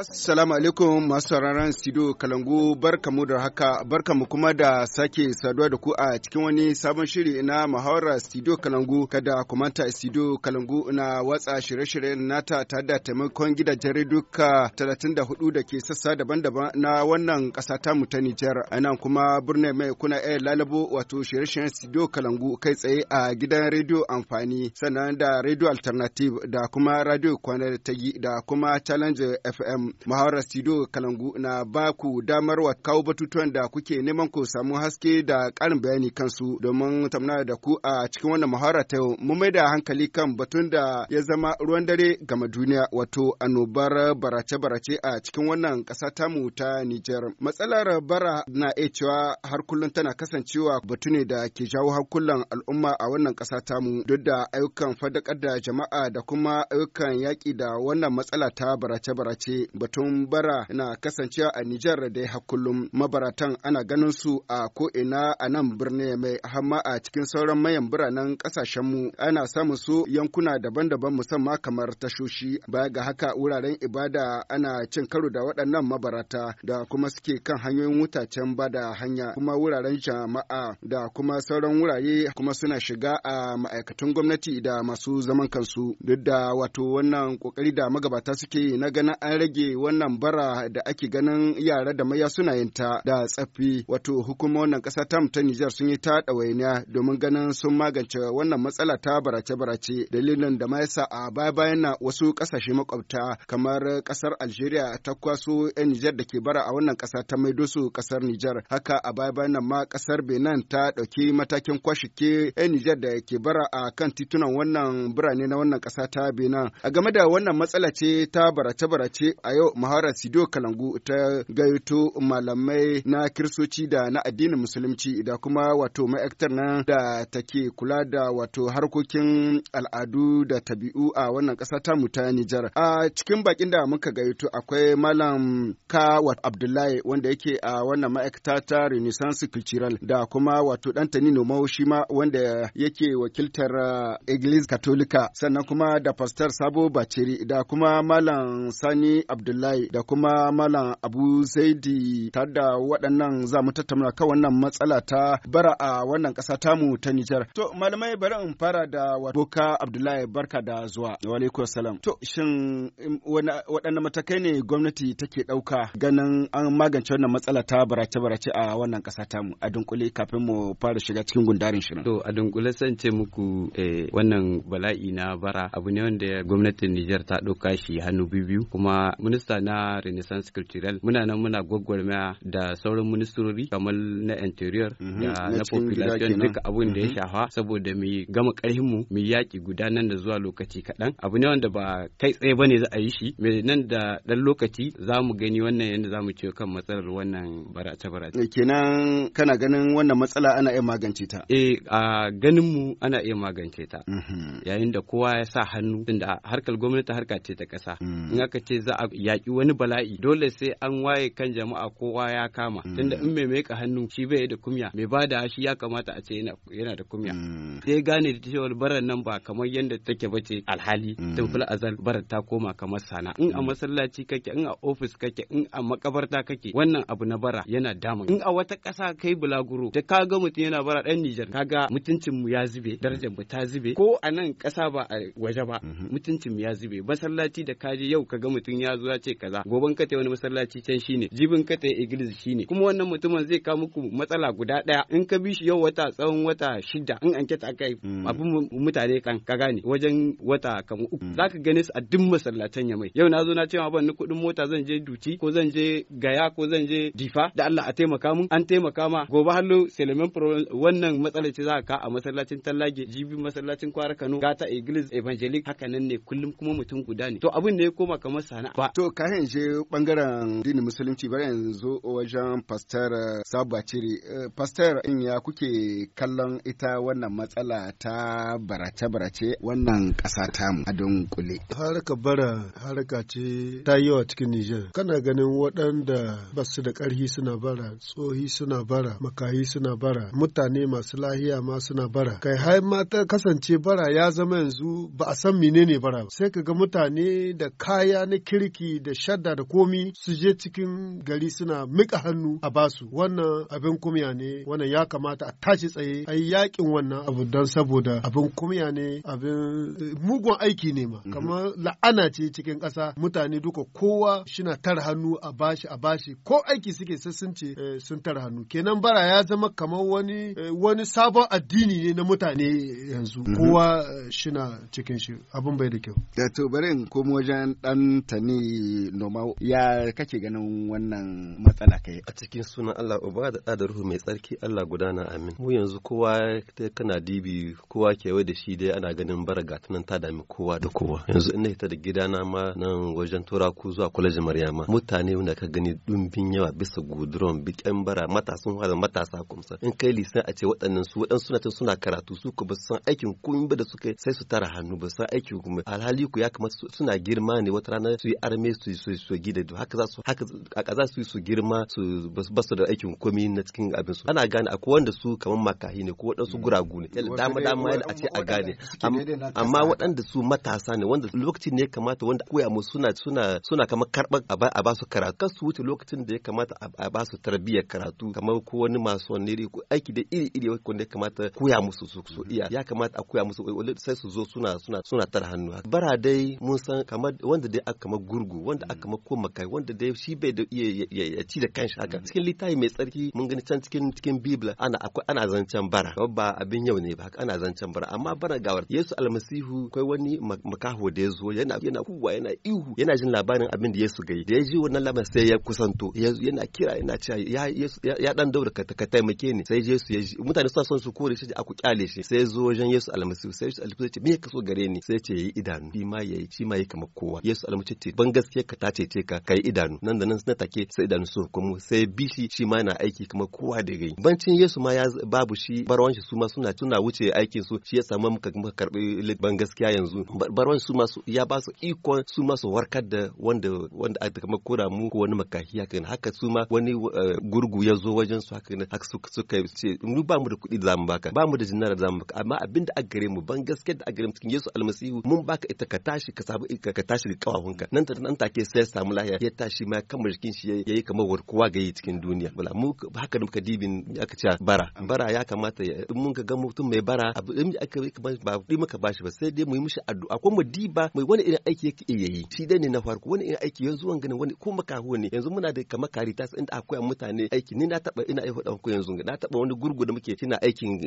Assalamu alaikum masu sauraron Sido Kalangu barkamu da haka barkamu kuma da sake saduwa da ku a cikin wani sabon shiri na muhawara Sido Kalangu kada kumanta Sido Kalangu na watsa shirye-shiryen nata tare da taimakon gidajen reduka 34 da ke sassa daban-daban na wannan ƙasa ta mu ta Nijar nan kuma birnin mai kuna iya lalabo wato shirye-shiryen Sido Kalangu kai tsaye a gidan rediyo amfani sannan da rediyo alternative da kuma radio kwanar tagi da kuma challenge FM muhawarar studio kalangu na ba ku damar wa kawo batutuwan da kuke neman ku samu haske da karin bayani kansu domin tamna da ku a cikin wannan muhawara ta yau mun mai da hankali kan batun da ya zama ruwan dare game duniya wato annobar barace-barace a cikin wannan ƙasa tamu ta Nijar. Matsalar bara na iya cewa har kullum tana kasancewa batu ne da ke jawo hankulan al'umma a wannan ƙasa tamu duk da ayyukan fadakar da jama'a da kuma ayyukan yaƙi da wannan matsala ta barace-barace batun bara na kasancewa a Nijar da ya kullum mabaratan ana ganin su a ko'ina a nan birni mai hamma a cikin sauran mayan biranen kasashen mu ana samun su yankuna daban-daban musamman kamar tashoshi baya ga haka wuraren ibada ana cin karo da waɗannan mabarata da kuma suke kan hanyoyin wutacen bada hanya kuma wuraren jama'a da kuma sauran wurare kuma suna shiga a ma'aikatan gwamnati da masu zaman kansu duk da wato wannan kokari da magabata suke na ganin an rage wannan bara da ake ganin yara da maya suna yin ta da tsaffi wato wannan ƙasa tam ta Nijar sun yi ta ɗawainiya domin ganin sun magance wannan matsala ta barace-barace dalilin da ma yasa a baya bayan na wasu ƙasashe makwabta kamar ƙasar Algeria ta kwaso 'yan Nijar da ke bara a wannan ƙasa ta maido su ƙasar Nijar haka a baya bayan nan ma ƙasar Benin ta ɗauki matakin kwashike 'yan Nijar da ke bara a kan titunan wannan birane na wannan ƙasa ta Benin a game da wannan matsala ce ta barace-barace a yau Mahara Sido Kalangu ta gaito malamai na Kiristoci da na addinin Musulunci da kuma wato ma'aikatar nan da take kula da wato harkokin al'adu da tabi'u a wannan ƙasa ta Nijar. A cikin bakin da muka gaito akwai Malam wato Abdullahi wanda yake a wannan ma'aikata ta Renaissance Cultural da kuma wato Dantani Nomau shi ma wanda yake wakiltar Iglis uh, Katolika sannan kuma da Pastor Sabo Baciri da kuma Malam Sani Abdullahi Abdullahi da kuma Malam Abu Zaidi tare da waɗannan za mu tattauna kan wannan matsala ta bara a wannan ƙasa tamu ta Nijar. To malamai bari in fara da Boka Abdullahi barka da zuwa. Wa salam. To shin um, waɗannan matakai ne gwamnati take ɗauka ganin an magance wannan matsala ta barace-barace a wannan ƙasa tamu a dunkule kafin mu fara shiga cikin gundarin shirin. To a dunkule san ce muku eh, wannan bala'i na bara abu ne wanda gwamnatin Nijar ta ɗauka shi hannu biyu kuma minista na Renaissance Cultural muna nan muna gwagwarmaya da sauran ministrori kamar na interior mhm. da na population duka abun da ya mhm. shafa saboda mu gama karhin mu mu yaki guda nan da zuwa lokaci kadan abu ne wanda ba kai tsaye bane za a yi shi me nan da dan lokaci za mu gani wannan yadda za mu ciwo kan matsalar wannan barace barace eh, kenan kana ganin wannan matsala ana iya magance ta eh a ganin mu ana iya magance ta mhm. yayin da kowa ya sa hannu tunda harkar gwamnati harka ce ta kasa mm. in aka ce za a yaƙi wani bala'i dole sai an waye kan jama'a kowa ya kama mm. tunda in mai meka hannu shi bai da kumya mai bada shi ya kamata a ce yana da kumya mm. sai gane da cewa baran nan ba kamar yadda take bace alhali mm. tun fil azal baran ta koma kamar sana in a masallaci kake in a ofis kake in a makabarta kake wannan abu na bara yana damun in a wata ƙasa kai bulaguro da ka ga mutum yana bara dan Nijar kaga mutuncin mu ya zube darajar mu ta zube ko a nan ƙasa ba a waje ba mm-hmm. mutuncin mu ya zube masallaci da kaje yau kaga mutum ya zo za ce kaza goban ka wani masallaci can shine jibin ka ta iglis shine kuma wannan mutumin zai kawo muku matsala guda daya in ka bi shi yau wata tsawon wata shida in an kyata aka yi hmm. abin mutane kan ka gane wajen wata kamu uku hmm. zaka gane su a duk masallatan ya mai yau na zo na ce ma ban ni kuɗin mota zan je duci ko zan je gaya ko zan je difa da Allah a taimaka mun an taimaka ma gobe hallo selemen wannan matsalar ce za ka a masallacin tallage jibi masallacin kwara Kano gata iglis evangelic haka nan ne kullum kuma mutum guda ne to abin ne ya koma kamar sana'a ba To ka je bangaren dini musulunci bari yanzu wajen pastor Sabaciri. Eh, pastor in ya kuke kallon ita wannan matsala ta barace-barace wannan ƙasa tamu a dunkule. Harka bara harka ce ta yi yawa cikin Nijar. Kana ganin waɗanda ba su da ƙarhi suna bara, tsohi suna bara, makahi suna bara, mutane masu lahiya ma suna bara. Kai har mata kasance bara ya zama yanzu ba a san menene bara ba. Sai ka ga mutane da kaya na kirki da shadda da komi su je cikin gari suna mika hannu a basu wannan abin kumya ne wannan ya kamata a tashi tsaye a yi yaƙin wannan abu don saboda abin kumya ne abin mugun aiki ne ma mhm. kamar la'ana ce cikin ƙasa mutane duka kowa shina tar hannu a bashi a bashi ko aiki suke sai sun ce eh, sun tar hannu kenan bara ya zama kamar wani eh, wani sabon addini ne na mutane yanzu mhm. kowa eh, shina cikin shi abin bai da kyau da to bari komo wajen dan tani Alhaji ya kake ganin wannan matsala kai. A cikin sunan Allah uba da da ruhu mai tsarki Allah gudana amin. Mu yanzu kowa kana dibi kowa kewaye da shi dai ana ganin baraga tunan ta dami kowa da kowa. Yanzu ina hita da gidana ma nan wajen turaku zuwa kwalejin Maryama. Mutane wanda ka gani dumbin yawa bisa guduron bikin bara matasan hada matasa kumsa. In kai lisan a ce waɗannan su waɗansu suna tun suna karatu su ku ba san aikin kun ba da suka sai su tara hannu ba san aikin kuma alhali ku ya kamata suna girma ne wata rana su yi arme ne su su su gida haka za su haka za su su girma su basu da aikin komi na cikin abin su ana gane akwai wanda su kaman makahi ne ko wadansu mm. guragu ne yalla dama dama yana a ce a gane amma waɗanda su matasa ne wanda lokacin ne ya kamata wanda koya mu suna suna suna kamar karɓar a ba su karatu kar su wuce lokacin da ya kamata a ba su tarbiyyar karatu kamar ko wani masu wani aiki da iri iri wanda ya kamata koya musu su mm-hmm. iya ya kamata a koya musu sai su zo suna suna suna tar hannu bara dai mun san kamar wanda dai aka kamar gurgu gurgu wanda aka mako makai wanda da shi bai da iya ci da kanshi haka mm. cikin littafi mai tsarki mun gani can cikin cikin bibla ana akwai ana zancen bara ba abin yau ne ba haka ana zancen bara amma bara gawar Yesu almasihu kai wani makaho da ya zo yana yana kuwa yana ihu yana jin labarin abin da Yesu gai da ya ji wannan labarin sai ya kusanto yana kira yana cewa ya Yesu ya dan daura ka taimake ni sai Yesu ya ji mutane suna son su kore shi a ku kyale shi sai zo wajen Yesu almasihu sai Yesu almasihu ya ce me ka so gare ni sai ya ce yi idanu shi ma yayi shi ma yayi kamar kowa Yesu almasihu ce ban gaskiya ka ta cece ka kai idanu nan da nan na take sai idanu su kuma sai bishi shi ma na aiki kuma kowa da gai bancin Yesu ma ya babu shi barwan shi su ma suna tuna wuce aikin su shi ya samu muka kuma karbi ban gaskiya yanzu barwan su ma ya ba su ikon su ma su warkar da wanda wanda aka kuma kora mu ko wani makahiya kan haka su ma wani eh, gurgu ya zo wajen su haka haka suka ce mu ba mu da kuɗi da zamu baka ba mu da jinnar da zamu baka amma abinda a gare mu ban gaskiya da a gare mu cikin Yesu almasihu mun baka ita ka tashi ka sabu ka tashi da kawahunka nan ta nan take sai ya samu lahiya ya tashi ma kama jikin shi yayi kamar warkuwa ga yi cikin duniya bala mu haka muka dibin aka ce bara bara ya kamata in mun ga mutum mai bara abu in aka ba dai muka bashi ba sai dai mu yi mishi addu'a ko mu diba mai wani irin aiki yake iya yi shi dai ne na farko wani irin aiki yanzu wani wani ko makaho ne yanzu muna da kamar karitas inda akwai mutane aiki ni na taba ina yi dan ku yanzu na taba wani gurgu da muke kina aikin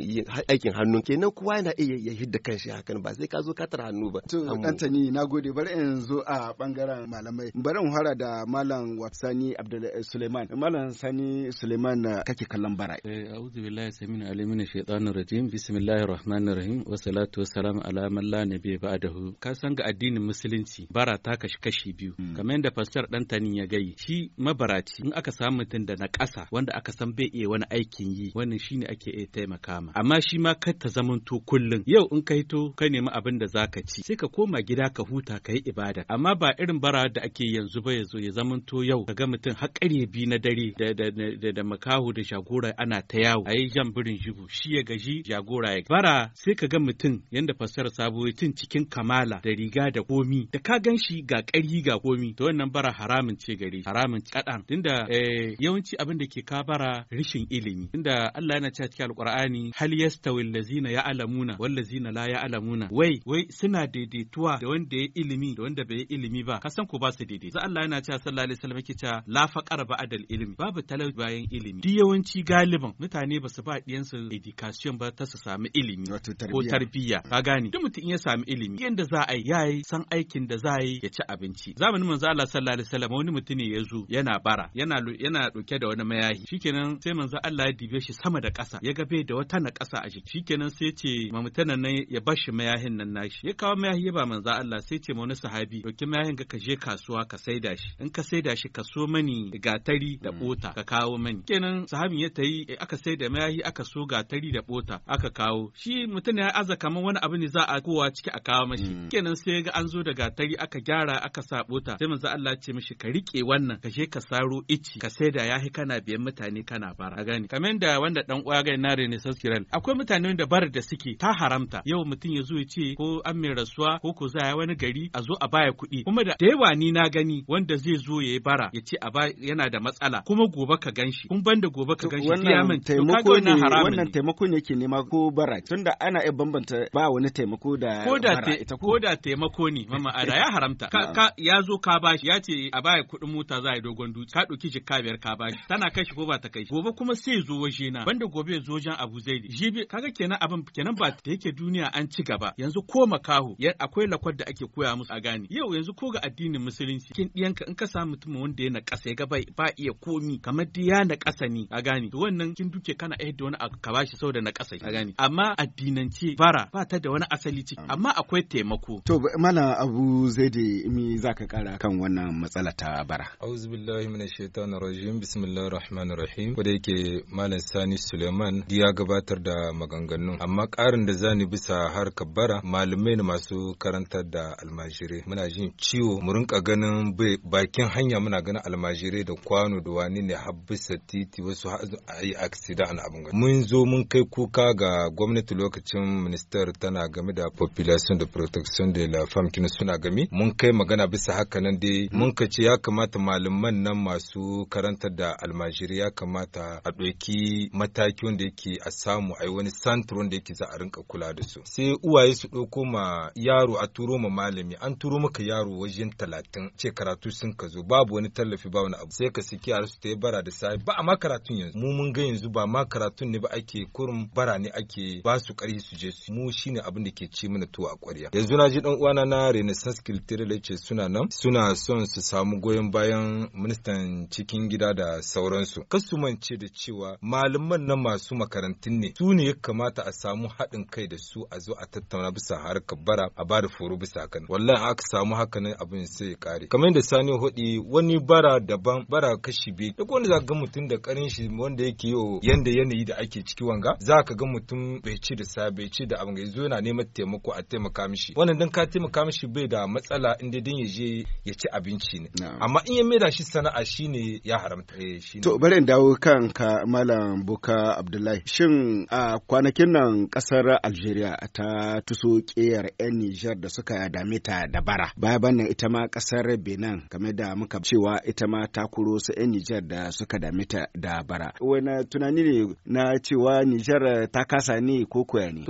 aikin hannu kenan kowa yana iya ya hidda kanshi hakan ba sai ka zo ka tara hannu ba to Antani nagode bari in zo a bangaren malamai bari in fara da malam Sani Abdullahi eh, Suleiman malam Sani Suleiman eh, kake kallon bara eh a'udhu billahi samina alimin shaitanir rajim bismillahir rahmanir rahim wa salatu wa salam ala man la nabiyya ba'dahu ka san ga addinin musulunci bara ta kashi kashi biyu hmm. kamar yadda pastor tani ya gayi shi mabaraci in aka samu mutum da na ƙasa wanda aka san bai iya wani aikin yi wannan shine ake iya taimaka ma amma shi ma kar ta zamanto kullum yau in ka hito ka nemi abin da za ka ci sai ka koma gida ka huta ka yi ibada amma ba irin bara da ake yanzu ba ya zo ya zamanto yau ga mutum har bi na dare da makaho da jagora ana ta yawo ayi yi jan birin jibu shi ya gaji jagora ya bara sai ka ga mutum yanda fasar sabo tun cikin kamala da riga da komi da ka ganshi ga ƙari ga komi to wannan bara haramun ce gare haramun kaɗan tunda eh, yawanci abin da ke ka bara rishin ilimi tunda Allah yana cewa cikin alqur'ani hal yastawil ladzina ya'lamuna wal ladzina la ya'lamuna wai wai suna daidaituwa da wanda ya ilimi da wanda bai ilimi ba kasan ko ba su daidai Allah yana cewa sallallahu alaihi wasallam yake cewa la faqar ba'dal ilmi babu talauci bayan ilimi duk yawanci galiban mutane ba su ba diyansu education ba ta su samu ilimi ko tarbiyya ka gane duk mutum ya samu ilimi da za a yi yayi san aikin da za a yi ya ci abinci zamanin manzo Allah sallallahu alaihi wasallam wani mutum ne ya zo yana bara yana yana dauke da wani mayahi shikenan sai manzo Allah ya dibe shi sama da ƙasa ya ga bai da wata na ƙasa a jiki shikenan sai ce ma mutanen nan ya bashi mayahin nan nashi ya kawo mayahi ya ba manzo Allah sai ce ma wani sahabi dauki mayahin ka je kasuwa ka saida shi in ka saida shi ka so mani gatari da mm. bota ka kawo mani kenan sahabin ya tayi eh, aka saida mayahi aka so gatari da bota aka kawo shi mutum ya aza kaman wani abu ne za a kowa ciki a kawo mashi mm. kenan sai ga an zo da gatari aka gyara aka sa bota sai manzo Allah ce mishi ka rike wannan ka je ka saro ici ka saida yahi kana biyan mutane kana bara gani kamar da wanda dan uwa ga na Renaissance Kiral akwai mutane da bar da suke ta haramta yau mutum ya zo ya ce ko an mai rasuwa ko ko za wani gari a zo a baya kuɗi kuma da yawa ni na gani wanda zai zo ya yi bara ya ce a yana da matsala kuma gobe ka gan shi. kun ban da gobe ka gan ganshi wannan taimako ne wannan taimako ne yake nema ko bara tunda ana iya bambanta ba wani taimako da bara ita ko da taimako ne mama ada ya haramta ka ya zo ka bashi ya ce a baya kuɗin mota za a yi dogon dutse ka ɗauki jikka biyar ka bashi tana kai shi ko ba ta kai gobe kuma sai zo waje na banda gobe zo jan Abu ji jibi kaga kenan abin kenan ba da yake duniya an ci gaba yanzu ko makaho akwai lakwar da ake koya musu a gane yau yanzu ko ga addinin musulunci kin ɗiyanka in ka sa mutum wanda ya na ƙasa ya ga ba iya komi kamar diya na ƙasa ne a gani to wannan kin duke kana aihar da wani a ka bashi saboda na ƙasa a gani amma addinance bara ba ta da wani asali ciki mm. amma akwai taimako to malam abu zaidi mi zaka kara kan wannan matsala ta bara auzu billahi minash shaitanir rajim bismillahir rahmanir rahim ko da yake malam sani suleiman ya gabatar da maganganun amma ƙarin da zani bisa harkar bara malamai ne masu karantar da almajirai muna jin ciwo mu rinka ganin bakin hanya muna ganin almajirai da kwano da wani ne habbisa titi wasu a yi aksida an abin gani. Mun zo mun kai kuka ga gwamnati lokacin ministar tana game da population da protection de la femme kina suna game. Mun kai magana bisa haka nan dai mun ka ce ya kamata malaman nan masu karanta da almajirai ya kamata a ɗauki mataki wanda yake a samu ai wani santar wanda yake za a rinka kula da su. Sai uwaye su ɗauko ma yaro a turo ma malami an turo maka yaro wajen talatin talatin ce karatu sun ka zo babu wani tallafi ba wani abu sai ka siki yara su ta yi bara da sai ba a ma karatun yanzu mu mun ga yanzu ba ma karatun ne ba ake kurum bara ne ake ba su ƙarfi su je su mu shine abin da ke ci mana tuwo a ƙwarya yanzu na ji dan uwana na Renaissance da ce suna nan suna son su samu goyon bayan ministan cikin gida da sauransu kasu mance da cewa malaman nan masu makarantun ne su ne ya kamata a samu haɗin kai da su a zo a tattauna bisa harkar bara a ba da foro bisa kan wallahi aka samu haka ne abin sai ya kare kamar yadda sani hudi wani bara daban bara kashi biyu duk wanda za ga mutum da karin shi wanda yake yi yanda yanayi da ake ciki wanga za ka ga mutum bai ci da sa bai ci da abin ga yana neman taimako a taimaka mishi wannan dan ka taimaka mishi bai da matsala inda din ya je ya ci abinci ne amma in ya maida shi sana'a shine ya haramta eh to bari in dawo kanka malam buka abdullahi shin a kwanakin nan kasar algeria ta tuso kiyar yan Nijar da suka dame ta da bara baya bannan ita ma kasar benin game da muka cewa ita ma ta kuro su 'yan nijar da suka dami ta da bara wani tunani ne na cewa nijar ta kasa ne ko kuwa ne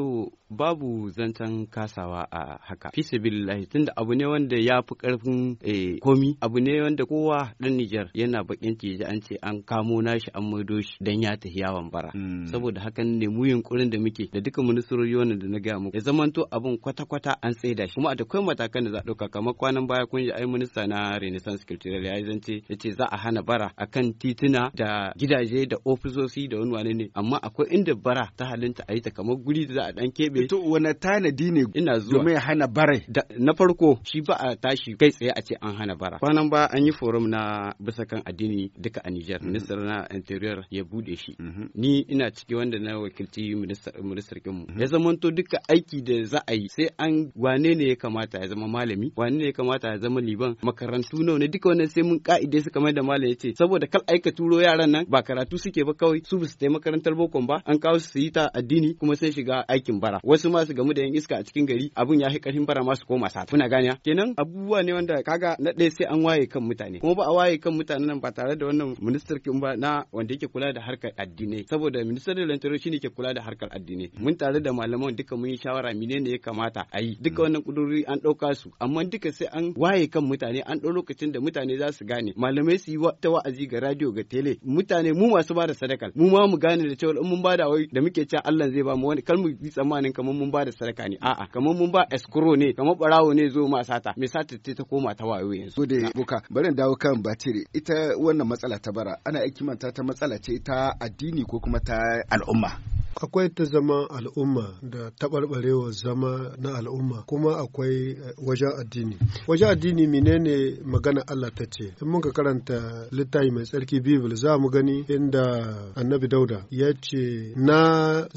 babu zancen kasawa a haka fi tunda abu ne wanda ya fi karfin eh, komi abu ne wanda kowa dan Nijar yana bakin ciji an ce an kamo nashi an maido shi dan ya tafi yawon bara hmm. saboda hakan ne mu yunkurin da muke da duka ministrori wannan da na ga muku ya zamanto abun kwata kwata an tsaida shi kuma da akwai matakan da za a dauka kamar kwanan baya kun ji ai minista na Renaissance Cultural ya zance ce za a hana bara akan tituna da gidaje da ofisoshi da wani wane ne amma akwai inda bara ta halinta a yi ta kamar guri da za a dan kebe. ne. To wani tanadi ne ina zuwa domin hana bara. Na farko shi ba a tashi kai tsaye a ce an hana bara. Kwanan ba an yi forum na bisa kan addini duka a Nijar. Mm-hmm. Minister na interior ya bude shi. Mm-hmm. Ni ina ciki wanda na wakilci ministar mu. Mm-hmm. Ya zamanto duka aiki da za a yi sai an wane ne ya kamata ya zama malami wane ne ya kamata ya zama liban makarantu nawa ne duka wannan sai mun ka'ide su kamar da malam ya ce saboda kal aika turo yaran nan ba karatu suke ba kawai su basu su makarantar bokon ba an kawo su yi ta addini kuma sai shiga aikin bara wasu ma su gamu da yan iska a cikin gari abun ya fi karfin bara ma su koma sata kuna gane kenan abubuwa ne wanda kaga na ɗaya sai an waye kan mutane kuma ba a waye kan mutanen nan ba tare da wannan ministar kin ba na wanda yake kula da harkar addinai saboda ministar da lantaro shine ke kula da harkar addinai mun tare da malaman duka mun yi shawara ne ya kamata a yi duka mm. wannan kudurori an ɗauka su amma duka sai an waye kan mutane an ɗau lokacin da mutane za su gane malamai su yi ta wa'azi ga radio ga tele mutane mu masu ba da sadaka mu ma mu gane da cewa mun ba da wai da muke cewa Allah zai ba mu wani kar mu tsammanin kamar mun ba da sadaka ne a'a kamar mun ba escrow ne kamar barawo ne zo ma sata me sata ce ta koma ta wayo yanzu da buka bari dawo kan batiri ita wannan matsala ta bara ana manta ta matsala ce ta addini ko kuma ta al'umma akwai ta zama al'umma da taɓarɓarewa zama na al'umma kuma akwai eh, wajen addini wajen addini menene magana Allah ta ce in muka karanta littafi mai tsarki bibil za mu gani inda annabi dauda ya ce na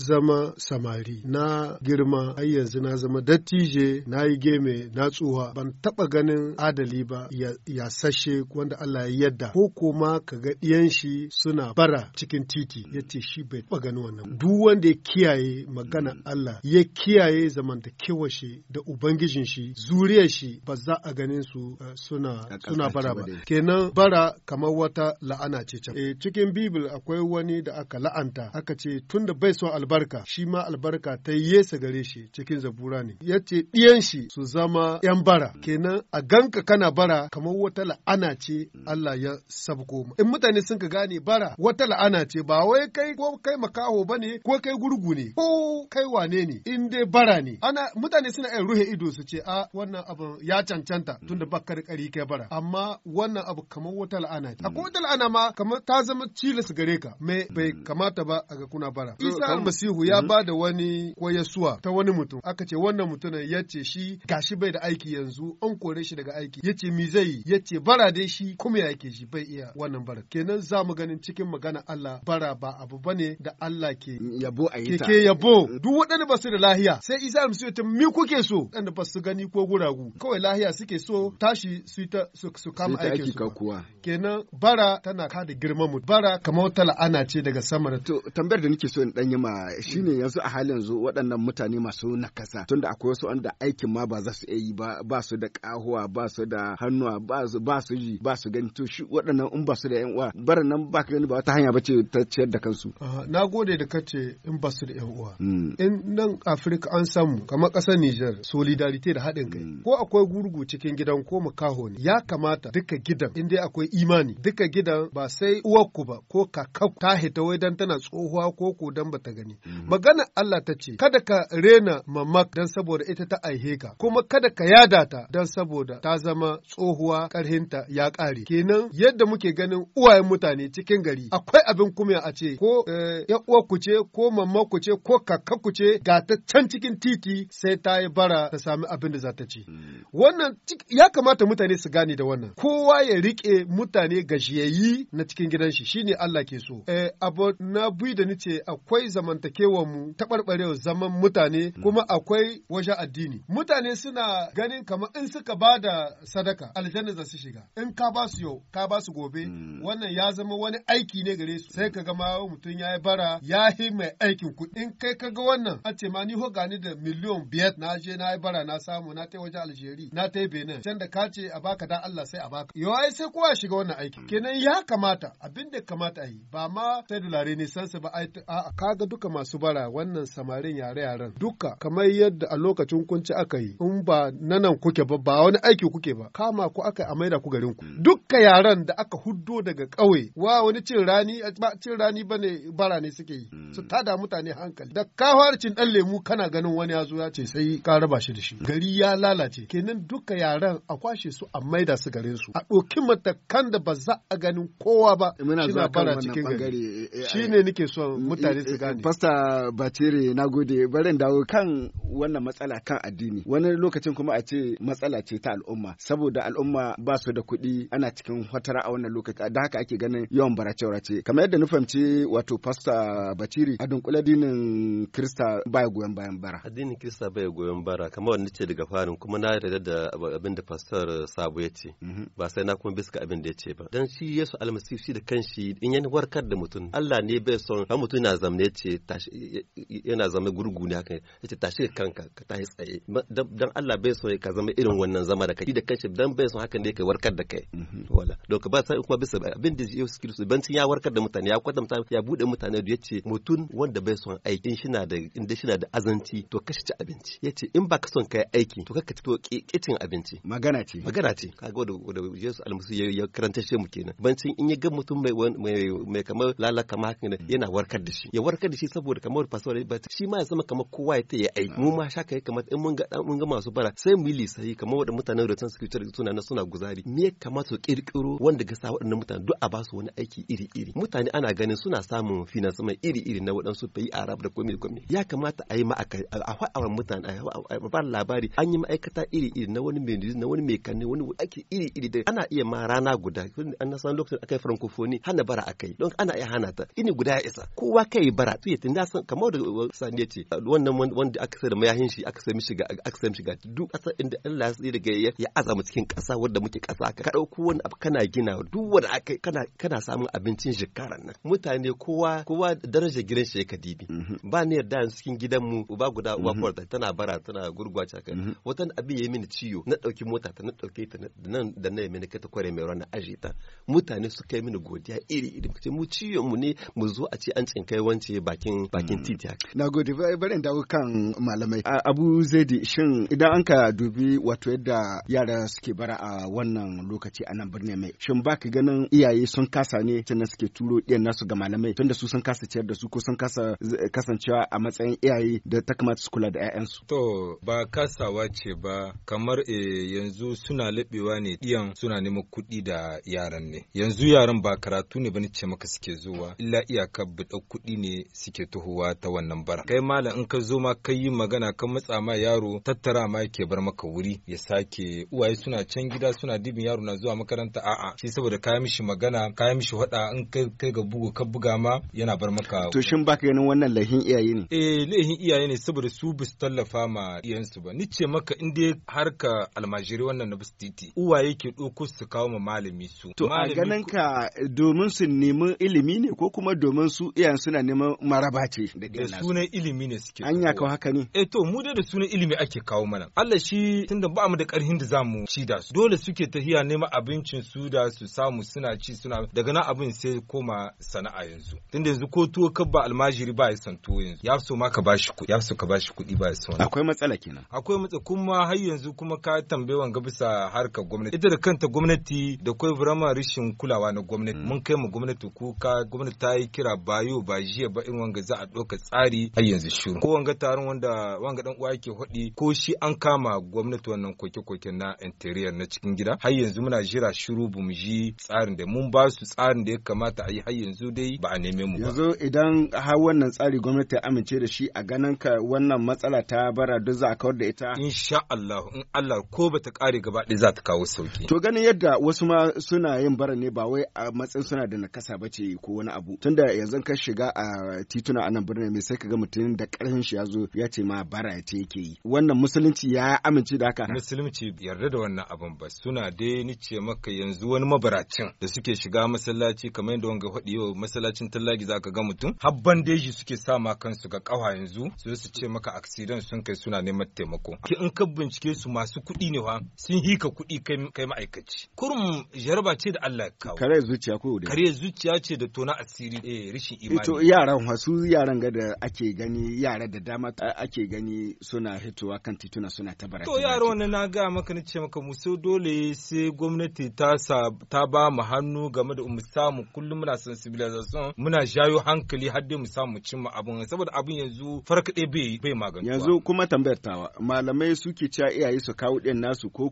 zama samari na girma har yanzu na zama dattije na yi geme na tsuha ban taba ganin adali ba ya sashe wanda Allah ya yadda ko kuma ka ga ɗiyan shi suna bara cikin titi yace shi bai taba ganin wannan duk wanda ya kiyaye magana mm. Allah ya kiyaye zamantakewar shi da ubangijin shi zuriyar shi ba za a ganin su eh, suna suna bara ba kenan bara kamar wata la'ana ce can eh, cikin bibil akwai wani da aka la'anta aka ce tunda bai so albarka shi ma albarka ta yi yesa gare shi cikin zabura ne ya ce ɗiyan shi su zama ‘yan bara kenan a ganka kana bara kamar wata la'ana ce Allah ya sabko in mutane sun ka gane bara wata la'ana ce ba wai kai ko kai makaho ba ne ko kai gurgu ne ko kai wane ne in dai bara ne ana mutane suna iya ruhe ido su ce a ah, wannan abu ya cancanta tunda ba karkari kai bara amma wannan abu kamar wata la'ana ce akwai wata la'ana ma kamar ta zama cilas gare ka mai bai kamata ba a ga kuna bara isa almasihu ya mm-hmm. ba da wani ko rasuwa ta wani mutum aka ce wannan mutumin ya ce shi gashi bai da aiki yanzu an kore shi daga aiki ya ce mi zai ya ce bara dai shi kuma ya ke shi bai iya wannan bara kenan za mu ganin cikin magana Allah bara ba abu bane da Allah ke yabo a yi ta ke yabo duk waɗanda ba su da lahiya sai Isa musu ta mi kuke so waɗanda ba su gani ko guragu kawai lahiya suke so tashi su ta su kama aikin su kenan bara tana kada girman mu bara kamar wata la'ana ce daga sama to tambayar da nake so in danyi ma shine mm. yanzu a halin yanzu waɗannan waɗannan mutane masu nakasa tunda akwai wasu wanda aikin ma ba za su yi ba ba su da kahuwa ba su da hannuwa ba su ji ba su gani to shi waɗannan in ba su da yan uwa barin nan ba ka gani ba wata hanya ba ce ta ciyar da kansu ah, na gode da kace in ba su da yan uwa hmm. in nan Afirka an samu kamar ƙasar Niger solidarity da haɗin kai hmm. ko akwai gurgu cikin gidan ko makaho ne ya kamata duka gidan in dai akwai imani duka gidan ba sai uwarku ba ko kakau ta hita wai dan tana tsohuwa ko ko dan bata gani hmm. magana Allah ta ce kada ka rena mamak don saboda ita ta aihe ka kuma kada ka yada ta don saboda ta zama tsohuwa karhinta ya kare kenan yadda muke ganin uwayen mutane cikin gari akwai abin kuma a ce ko ya eh, uwa ku ce ko mamma ku ce ko kakka ku ce ga ta can cikin titi sai ta yi bara ta sami abin da za ta ci hmm. wannan ya kamata mutane su gane da wannan kowa ya rike mutane gajiyayyi na cikin gidan shi shine Allah ke so eh abu na bui da nice akwai zamantakewar mu taɓarɓarewar zaman mutane mm. kuma akwai waje addini mutane suna ganin kamar in suka ba da sadaka aljanna za su shiga in ka ba su yau ka ba su gobe mm. wannan ya zama wani aiki ne gare su sai mm. ka ga ma mutum ya yi bara ya yi mai aikin kuɗi in kai ka ga wannan a ce ma ni ho gani da miliyon biyar na je na yi bara na samu na ta waje aljeri na ta yi benin can da ka ce a baka da Allah sai a baka yau ai sai kowa shiga wannan aiki kenan ya kamata abin da kamata a yi ba ma sai dulare ne sansa ba a ka ga duka masu bara wannan samarin yare yaran duka kamar yadda a lokacin kunci aka yi in ba na nan kuke ba ba wani aiki kuke ba kama ku aka a maida ku garin ku mm. dukka yaran da aka huddo daga ƙauye wa wani cin rani cin rani bane bara ne suke yi mm. su tada mutane hankali da ka fara cin dan lemu kana ganin wani ya zo ya ce sai ka raba shi da shi mm. gari ya lalace kenan duka yaran a kwashe su a maida su garin su a matakan da ba za a ganin kowa ba shina bara cikin gari eh, eh, shine nake son eh, mutane su gane pasta bacire nagode barin dawo kan wannan matsala kan addini wani lokacin kuma a ce matsala ce ta al'umma saboda al'umma ba su da kuɗi ana cikin fatara a wannan lokaci da haka ake ganin yawan barace barace kamar yadda na fahimci wato pasta baciri a dunkule addinin krista baya goyon bayan bara addinin krista baya goyon bara kamar wanda ce daga farin kuma na yarda da abin da pastor sabo ya ce mhm. ba sai na kuma biska abin da ya ce ba dan shi yesu almasihu shi da kanshi in yana warkar da mutum Allah ne bai son har mutum yana zamne ce yana zama gurgu guna kai yace tashi da kanka ka tashi tsaye dan Allah bai so ka zama irin wannan zama da kai da kanshi dan bai so hakan ne kai warkar da kai mm-hmm. wala don ka ba sai kuma bisa abin da Jesus Kristo bancin ya warkar da mutane ya kwatanta ya bude mutane da yace mutun wanda bai son aiki in shina da inda shina da azanci to kashi ci abinci yace in baka son kai aiki to kaka fito kicin abinci magana ce magana ce kaga da Jesus almusu ya karanta shi mu kenan bancin in ya ga mutum mai mai kamar lalaka ma hakan yana warkar da shi ya warkar da shi saboda kamar fasawar ba shi ma ya zama kamar kowa ya ta ya ai mu ma sha kai kamar in mun ga mun ga masu bara sai mu yi lissafi kamar waɗanda mutanen Rotan Security suna na suna guzari me ya kamata su kirkiro wanda ga sa wadannan mutane duk a ba wani aiki iri-iri mutane ana ganin suna samun mai iri-iri na wadansu fayi Arab da komai komai ya kamata a yi ma a faɗa mutane a ba labari an yi ma'aikata iri-iri na wani mai na wani mai kanne wani aiki iri-iri da ana iya ma rana guda an san lokacin akai francophonie hana bara akai don ana iya hana ta ini guda ya isa kowa kai bara to ya tunda san kamar da sani ya ce wannan wanda aka sai da mayahin shi aka sai mishi ga aka sai mishi ga duk ƙasa inda Allah ya sai daga ya azama cikin kasa wanda muke ƙasa ka dauko wani abu kana gina duk wanda aka kana kana samun abincin shekaran nan mutane kowa kowa daraja gidan shi ka dibi mm-hmm. ba ne yarda cikin mu uba guda uba kwarta mm-hmm. tana bara tana gurgwace ka mm-hmm. watan abin yayi mini ciwo na dauki mota ta na dauke ta nan da nan mini ka ta kware mai ran aje ta mutane su kai mini godiya iri iri mu ciwon mu ne mu zo a ce an cinkai wance bakin bakin titi haka nagode bari in dawo kan malamai. Abu Zaidi shin idan an ka dubi wato yadda yara suke bara a wannan lokaci a nan birni mai shin ba ka ganin iyaye sun kasa ne tunda suke turo ɗiyan nasu ga malamai tunda su sun kasa ciyar da su ko sun kasa kasancewa a matsayin iyaye da ta kamata su kula da 'ya'yansu. To ba kasawa ce ba kamar e, yanzu suna laɓewa ne ɗiyan suna neman kuɗi da yaran ne yanzu yaran ba karatu ne ni ce maka suke zuwa illa iyaka buɗa kuɗi ne suke tuhowa ta wannan bara kai malam in ka zo ma ka yi magana ka matsa ma yaro tattara ma yake bar maka wuri ya sake uwaye suna can gida suna dibin yaro na zuwa makaranta a'a shi saboda kayan mishi magana ka mishi hada in kai ga bugu ka buga ma yana bar maka to shin baka ganin wannan lahin iyaye ne eh lahin iyaye ne saboda su bis tallafa ma iyansu ba ni ce maka in dai ka almajiri wannan na titi uwaye ke doko su kawo ma malami su to a ganin ka domin su nemi ilimi ne ko kuma domin su iyayen suna neman maraba ce da sunan ilimi ne suke ya kawo haka ne eh to mu dai da sunan ilimi ake kawo mana Allah shi tunda ba mu da karhin da zamu ci da su dole suke tahiya neman abincin su da su samu suna ci suna daga nan abin sai koma sana'a yanzu tunda yanzu ko tuwo kabba almajiri ba ya san tuwo yanzu ya so ma ka bashi kuɗi ya so ka bashi kuɗi ba ya so akwai matsala kenan akwai matsala kuma har yanzu kuma ka tambaye wanga bisa harkar gwamnati ita da kanta gwamnati da kai burama rishin kulawa na gwamnati mm. mun kai mu gwamnati kuka gwamnati ta yi kira bayo ba jiya ba in wanga za a ɗauka tsari har yanzu shiru ko wanga taron wanda wanga dan uwa yake hudi ko shi an kama gwamnati wannan koke-koke na interior na cikin gida har yanzu muna jira shiru bu ji tsarin da mun ba su tsarin da ya kamata a yi har yanzu dai ba a neme mu ba yanzu idan har wannan tsari gwamnati amince da shi a ganin ka wannan matsala ta bara duk za a kawar da ita insha Allah in Allah ko bata kare gaba ɗaya za ta kawo sauki to ganin yadda wasu ma suna yin bara ne ba wai a matsayin suna da nakasa bace ko wani abu tunda yanzu ka shiga a tituna a nan birnin mai sai ka ga mutum da karfin shi ya zo ya ce ma bara ya ce yake yi wannan musulunci ya amince da haka musulunci yarda da wannan abin ba suna dai ni ce maka yanzu wani mabaracin da suke shiga masallaci kamar yadda wanga faɗi yau masallacin tallagi zaka ga mutum har bandeji suke sa ma kansu ga kawa yanzu su su ce maka accident sun kai suna neman taimako ki in ka bincike su masu kuɗi ne wa sun hika kuɗi kai kai ma'aikaci kurum jaraba ce da Allah ya kawo kare zuciya ko da kare zuciya ce da tona asiri eh rishin eh, imani to yaran wasu yaran ga da ake gani ya yara da dama ake gani suna hitowa kan tituna suna ta bara. To yaro ne na ga maka na ce maka musu dole sai gwamnati ta ta ba mu hannu game da mu samu kullum muna sensibilization muna jayo hankali har dai mu samu cimma abun saboda abun yanzu farkaɗe bai bai magana. Yanzu kuma tambayar tawa malamai suke cewa iyaye su kawo ɗin nasu ko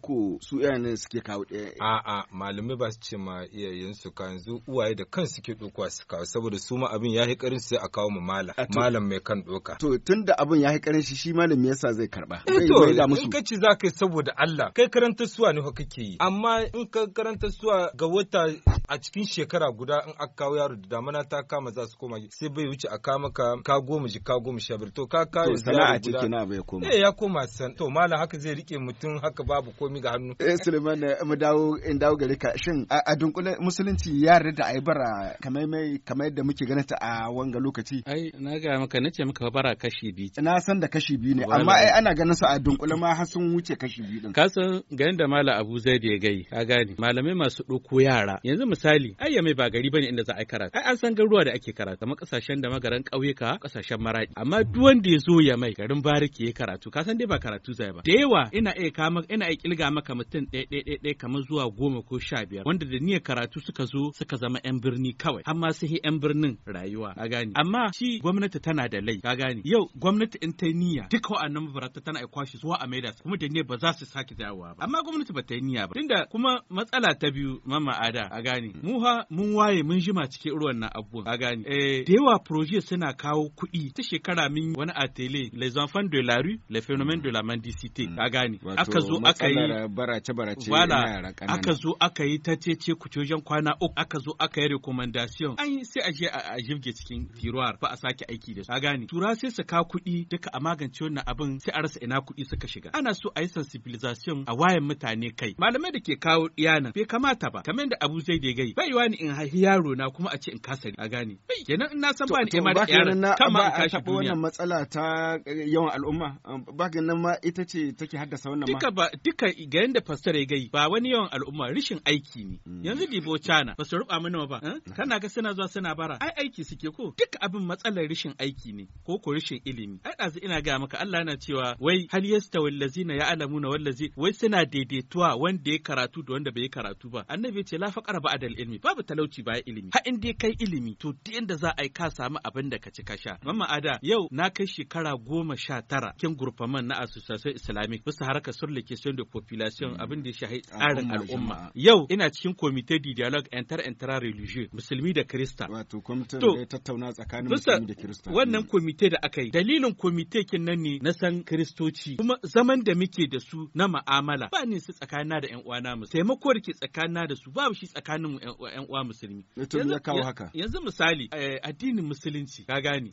su iyayen suke kawo ɗaya. A'a malamai ba su ce ma iyayen su ka yanzu uwaye da kan ke ɗokuwa su kawo saboda su ma abin ya yi karin sai a kawo mu malam malam mai kan ɗoka. to tunda abin ya haikarin shi shi malami yasa zai karba eh zai maida musu za ka yi saboda Allah kai karanta suwa ne ke yi amma in ka karanta suwa ga wata a cikin shekara guda in aka kawo yaro da damana ta kama za su koma sai bai wuce a kama ka ka goma ji ka goma sha to ka ka to sana'a ciki na bai koma eh ya koma san to malam haka zai rike mutum haka babu komi ga hannu eh Suleiman eh, mu dawo in dawo gare ka shin a dunkule musulunci ya yarda da aibara kamar mai kamar yadda muke ganata a wanga lokaci ai na ga maka nace maka bara kashi biyu. Na san da kashi biyu ne, amma ai ana ganin su a dunkule ma har sun wuce kashi biyu din. Ka san ganin da Malam Abu Zaid ya gai, ka gane. Malamai masu ɗauko yara. Yanzu misali, ai mai ba gari bane inda za a karatu. Ai an san garuwa da ake karatu, kamar kasashen da magaran ƙauyuka, kasashen maraɗi Amma duk wanda ya zo ya mai garin bariki ya karatu, ka san dai ba karatu zai ba. Da yawa ina iya kama ina iya kilga maka mutum ɗaya ɗaya ɗaya kamar zuwa goma ko sha biyar wanda da niyyar karatu suka zo suka zama 'yan birni kawai. Amma sai 'yan birnin rayuwa, ka gane. Amma shi gwamnati tana da lai, ka gane. yau gwamnati in ta niyya duka wa'annan mabarata tana ai kwashi zuwa a maida kuma da ne ba za su sake dawowa ba amma gwamnati ba ta niyya ba tunda kuma matsala ta biyu mamma ada a gane hmm. mu ha mun waye mun jima cikin irin na abubuwan a gane eh da yawa projet suna kawo kuɗi ta shekara min wani atele les enfants de la rue les phénomènes de la mendicité hmm. a gane aka zo aka yi barace barace wala aka zo aka yi ta cece kucojen kwana uku aka zo aka yi recommendation an sai a je a jirge cikin tiruwar ba a sake aiki da su a gane tura sai saka kuɗi duka a magance wannan abin sai a rasa ina kuɗi suka shiga ana so a yi sensibilization a wayan mutane kai malamai da ke kawo ɗiyana bai kamata ba kamar da abu zai da gai bai yiwa ni in haihi yaro na kuma a ce in kasa a gane kenan in na san ba ni ma da yaron ma in kashi duniya wannan matsala ta eh, yawan al'umma um, ba nan ma ita ce take haddasa wannan ma duka ba duka ga yanda fasara ya gai ba wani yawan al'umma rishin aiki ne mm. yanzu dibo Chana ba su ruba mana ba eh? kana ga suna zuwa suna bara ai aiki suke ko Duka abin matsalar rishin aiki ne ko ko rashin ilimi ai ɗazu ina ga maka Allah yana cewa wai hal yastawil lazina ya'lamuna na wallazi wai suna daidaituwa wanda ya karatu da wanda bai karatu ba annabi ce la faqara ba'dal ilmi babu talauci baya ilimi ha in dai kai ilimi to duk inda za a yi ka samu abin da ka ci ka sha mamma ada yau na kai shekara goma sha tara kin gurfaman na association islamic bisa harkar surlication da population mm. abin da ya shahi tsarin al'umma yau ina cikin comité de dialogue inter inter religieux musulmi da krista wato kwamitin da tattauna tsakanin musulmi da krista wannan comité da kai dalilin komite kin nan ne na san kristoci kuma zaman da muke da su na ma'amala ba ne su tsakanina da ƴan uwana musulmi taimakon da ke tsakanina da su babu shi tsakanin mu ƴan uwa musulmi yanzu misali eh, addinin musulunci ka gani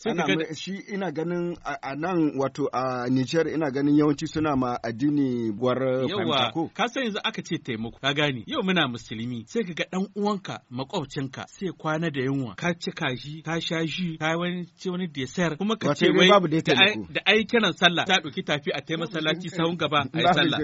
shi ina ganin a nan wato a Niger ina ganin yawanci suna ma addini gwar fahimta ko ka san yanzu aka ce taimako ka gani yau muna musulmi sai ka ga dan uwanka makwabcinka sai kwana da yunwa ka cika shi ka sha shi ka wani ce wani dessert kuma ka ce wai da ai kiran sallah ta ɗauki tafi a taimaka masallaci sahun gaba a sallah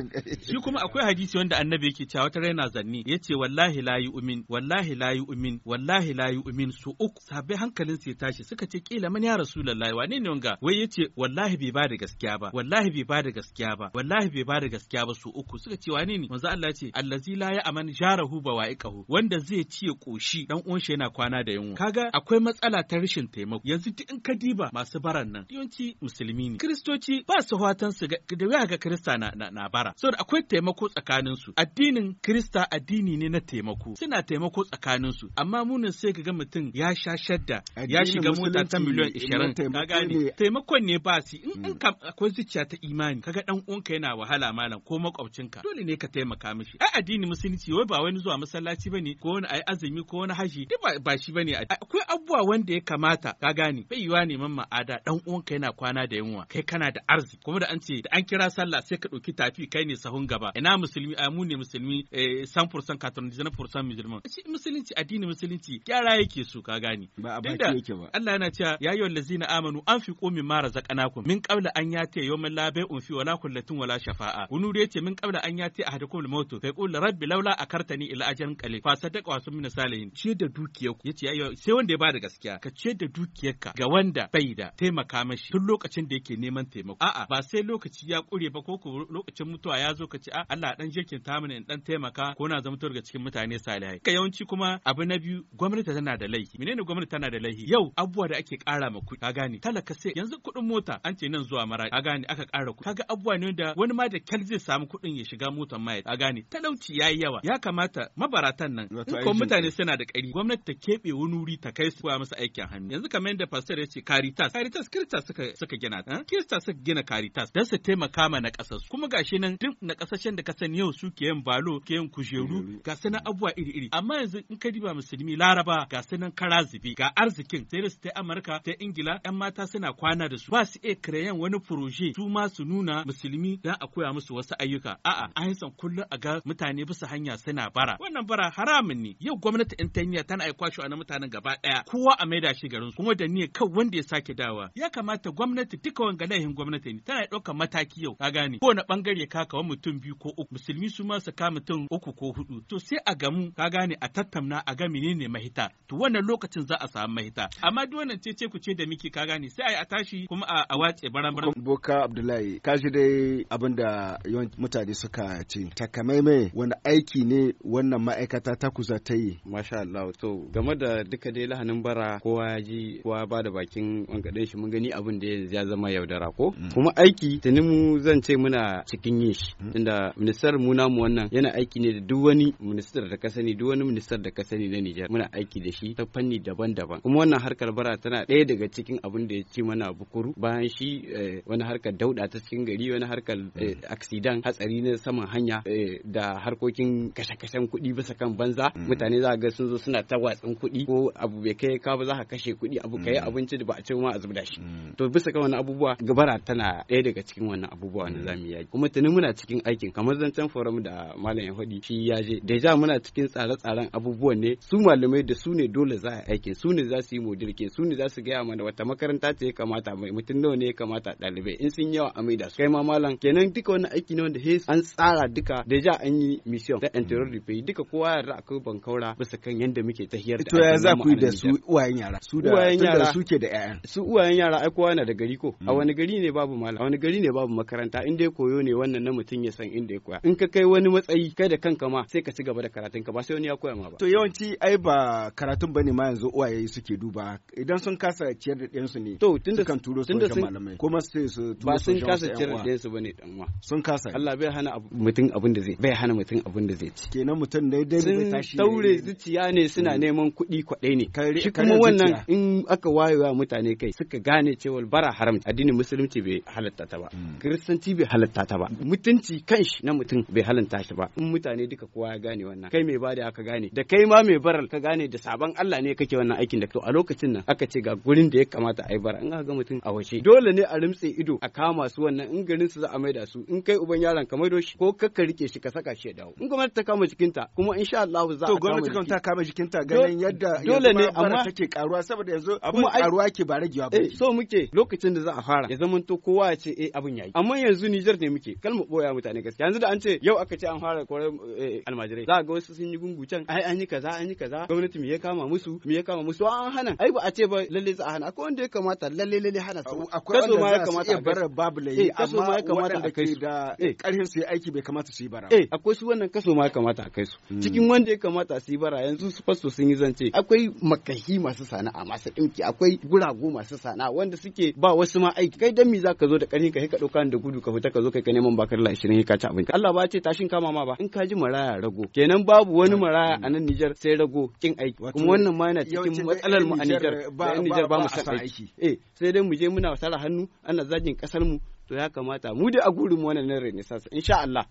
shi kuma akwai hadisi wanda annabi yake cewa wata raina zanni yace wallahi la yu'min wallahi la yu'min wallahi la yu'min su uku sabe hankalin ya tashi suka ce kila man ya rasulullahi wane ne wanga wai yace wallahi bai bada gaskiya ba wallahi bai bada gaskiya ba wallahi bai bada gaskiya ba su uku suka ce wane ne manzo Allah ce allazi la ya'man jarahu bawa'iqahu wanda zai ci ya koshi dan uwan shi yana kwana da yunwa kaga akwai matsala ta rashin taimako yanzu duk in ka diba masu baran nan yawanci musulmi ne Kiristoci ba su fatan su ga da wuya ga kirista na, na, na bara saboda akwai taimako tsakanin su addinin kirista addini ne na taimako suna taimako tsakanin su amma munin sai ka ga mutum ya sha shadda ya shiga mota ta miliyan 20 ka gane taimakon ne ba su in in mm. kam akwai zuciya ta imani kaga dan uwanka yana wahala malam ko makwabcinka dole ne ka taimaka mishi ai addini musulunci wai ba wani zuwa masallaci bane ko wani ai azumi ko wani haji duk ba shi bane akwai abubuwa wanda ya kamata ka gane bai yiwa neman ma'ada dan dan uwanka yana kwana da yunwa kai kana da arziki kuma da an ce da an kira sallah sai ka dauki tafi kai ne sahun gaba ina musulmi a mu ne musulmi san fursan katon fursan musulman musulunci addini musulunci kyara yake so ka gani ba a baki yake ba Allah yana cewa ya ayyuhal ladzina amanu anfiqu mimma razaqnakum min qabla an yati yawmal la un fi wala kullatun wala shafa'a da yace min qabla an yati ahadukum al-maut fa yaqul rabbi laula akartani ila ajalin qalil fa sadaqa wasu min salihin ce da dukiyarku yace sai wanda ya ba da gaskiya ka ce da dukiyarka ga wanda bai da taimaka taimaka mashi tun lokacin da yake neman taimako a'a ba sai lokaci ya kure ba ko ko lokacin mutuwa ya zo ka ce a Allah dan jirkin ta mana in dan taimaka ko na zama daga cikin mutane salihai ka yawanci kuma abu na biyu gwamnati tana da laifi menene gwamnati tana da laifi yau abubuwa da ake kara ma kuɗi ka gane talaka sai yanzu kuɗin mota an ce nan zuwa mara ka gane aka kara kuɗi kaga abubuwa ne da wani ma da kyal zai samu kuɗin ya shiga motar mai ka gane talauci yayi yawa ya kamata mabaratan nan ko mutane suna da kari gwamnati ta keɓe wani wuri ta kai su masa aikin hannu yanzu kamar yadda pastor ya ce caritas caritas kirista suka suka gina ta eh? kirista suka gina Caritas don su taimaka ma na kasar kuma gashi nan duk na kasashen da ka yau su ke yin balo ke yin kujeru ga nan abubuwa iri-iri amma yanzu in ka diba musulmi Laraba ga sanan kara zube ga arzikin sai da su ta Amurka ta Ingila yan mata suna kwana da su ba su iya kireyan wani furoje su ma su nuna musulmi dan a koya musu wasu ayyuka a'a an san kullum a ga mutane bisa hanya suna bara wannan bara haramun ne yau gwamnati in ta tana aikwa shi a mutanen gaba daya kowa a maida shi garin kuma da ni kawai wanda ya sake dawa ya kamata gwamnati duka wanga laihin gwamnati ne tana ɗaukar mataki yau ka gane na bangare ya kaka mutum biyu ko uku musulmi su ma su ka mutum uku ko hudu to sai a gamu ka gane a tattauna a ga menene mahita to wannan lokacin za a samu mahita amma duk wannan ce ku ce da miki ka gane sai a yi a tashi kuma a watse baran baran boka abdullahi ka ji dai abin da yawan mutane suka ce takamaimai wani aiki ne wannan ma'aikata ta kuza ta yi masha Allah to game da duka dai lahanin bara kowa ya ji kowa ba da bakin wangaden shi mun gani abin da ya zama yaudara ko mm. kuma aiki tuni mu zan ce muna cikin yin shi mm. tunda ministar mu namu wannan yana aiki ne da duk wani ministar da ka sani duk wani ministar da ka sani na Nijar muna aiki da shi ta fanni daban-daban kuma wannan harkar bara tana ɗaya daga cikin abin da ya ci mana bukuru bayan shi eh, wani harkar dauda ta cikin gari wani harkar mm. eh, aksidan hatsari na saman hanya eh, da harkokin kashe-kashen kuɗi bisa kan banza mutane za ga sun zo suna ta watsin kuɗi ko abu bai kai ka ba za ka kashe kuɗi abu kai abinci da ba a ce ma a zubda shi to bisa ga wani abubuwa gabara tana ɗaya daga cikin wannan abubuwa wanda za mu yi kuma tuni muna cikin aikin kamar zancen forum da malam ya faɗi shi ya je deja muna cikin tsare-tsaren abubuwan ne su malamai da su ne dole za a aikin su ne za su yi modirke su ne za su gaya mana wata makaranta ce ya kamata mai mutum nawa ne ya kamata ɗalibai in sun yawa a maida su kai ma malam kenan duka wani aiki ne wanda an tsara duka deja an yi mission da interior repair duka kowa yarda akwai bankaura bisa kan yanda muke tahiyar da to ya za ku yi da su uwayen yara su da uwayen da ƴaƴan su uwayen yara yara ai kowa da gari ko a mm. wani gari ne babu malam a wani gari ne babu makaranta inda ya koyo ne wannan na mutum ya san inda ya koya in ka kai wani matsayi kai da kanka ma sai ka ci gaba da karatun ka ba sai wani ya koya ma ba to yawanci ai ba karatun bane ma yanzu uwaye suke duba idan sun kasa ciyar da ɗiyansu ne to tunda kan turo su wajen malamai kuma sai su turo su ba sun kasa ciyar da ɗiyansu bane dan uwa sun kasa Allah bai hana mutum abin da zai bai hana mutum abin da zai ci kenan mutum dai dai bai tashi daure zuciya ne suna mm. neman kuɗi kwaɗai ne shi kuma wannan in aka wayewa mutane kai suka gane gane cewa bara haram addinin musulunci bai halatta ta ba hmm. kiristanci bai halatta ta ba mutunci kanshi na mutum bai halatta shi ba in mutane duka kowa ya gane wannan kai mai bada aka gane da kai ma mai baral ka gane da sabon Allah ne kake wannan aikin da to a lokacin nan aka ce ga gurin da ya kamata a yi bara in ga mutum a waje dole ne a rimtse ido a kama su wannan in garin su za a maida su in kai uban yaron ka maido shi ko ka rike shi ka saka shi ya dawo in gwamnati ta kama jikinta kuma insha Allah za a kama gwamnati kan ta kama jikinta ganin yadda dole ne amma take karuwa saboda yanzu abin karuwa ke ba ragewa ba eh, so so muke lokacin da za a fara ya zamanto kowa ya ce eh abin yayi amma yanzu Niger ne muke kalma boya mutane gaskiya yanzu da an ce yau aka ce an fara korar eh, almajirai za ga wasu sun yi gungu can ai an yi kaza an yi kaza gwamnati me ya kama musu me ya kama musu an hana ai ba a ce ba lalle za a hana akwai wanda ya kamata lalle lalle hana su akwai wanda ma ya kamata a bar babu layi eh, amma ma ya kamata a kai da karhin eh. su aiki bai kamata su yi bara eh akwai su wannan kaso ma ya kamata a kai su hmm. cikin wanda ya kamata su yi bara yanzu su fasto sun yi zance akwai makahi masu sana'a masu dinki akwai gurago masu sana'a wanda suke ba wasu ma aiki kai dan me zaka zo da karhin ka ka dauka da gudu ka fita ka zo kai ka neman bakar la 20 ka ci abinci Allah ba ce tashin kama ma ba in ka ji maraya rago kenan babu wani maraya a nan Niger sai rago kin aiki kuma wannan ma yana cikin matsalar mu a Niger ba Niger ba mu san aiki eh sai dai mu je muna sara hannu ana zagin kasar mu to ya kamata mu dai a gurin mu wannan renaissance insha Allah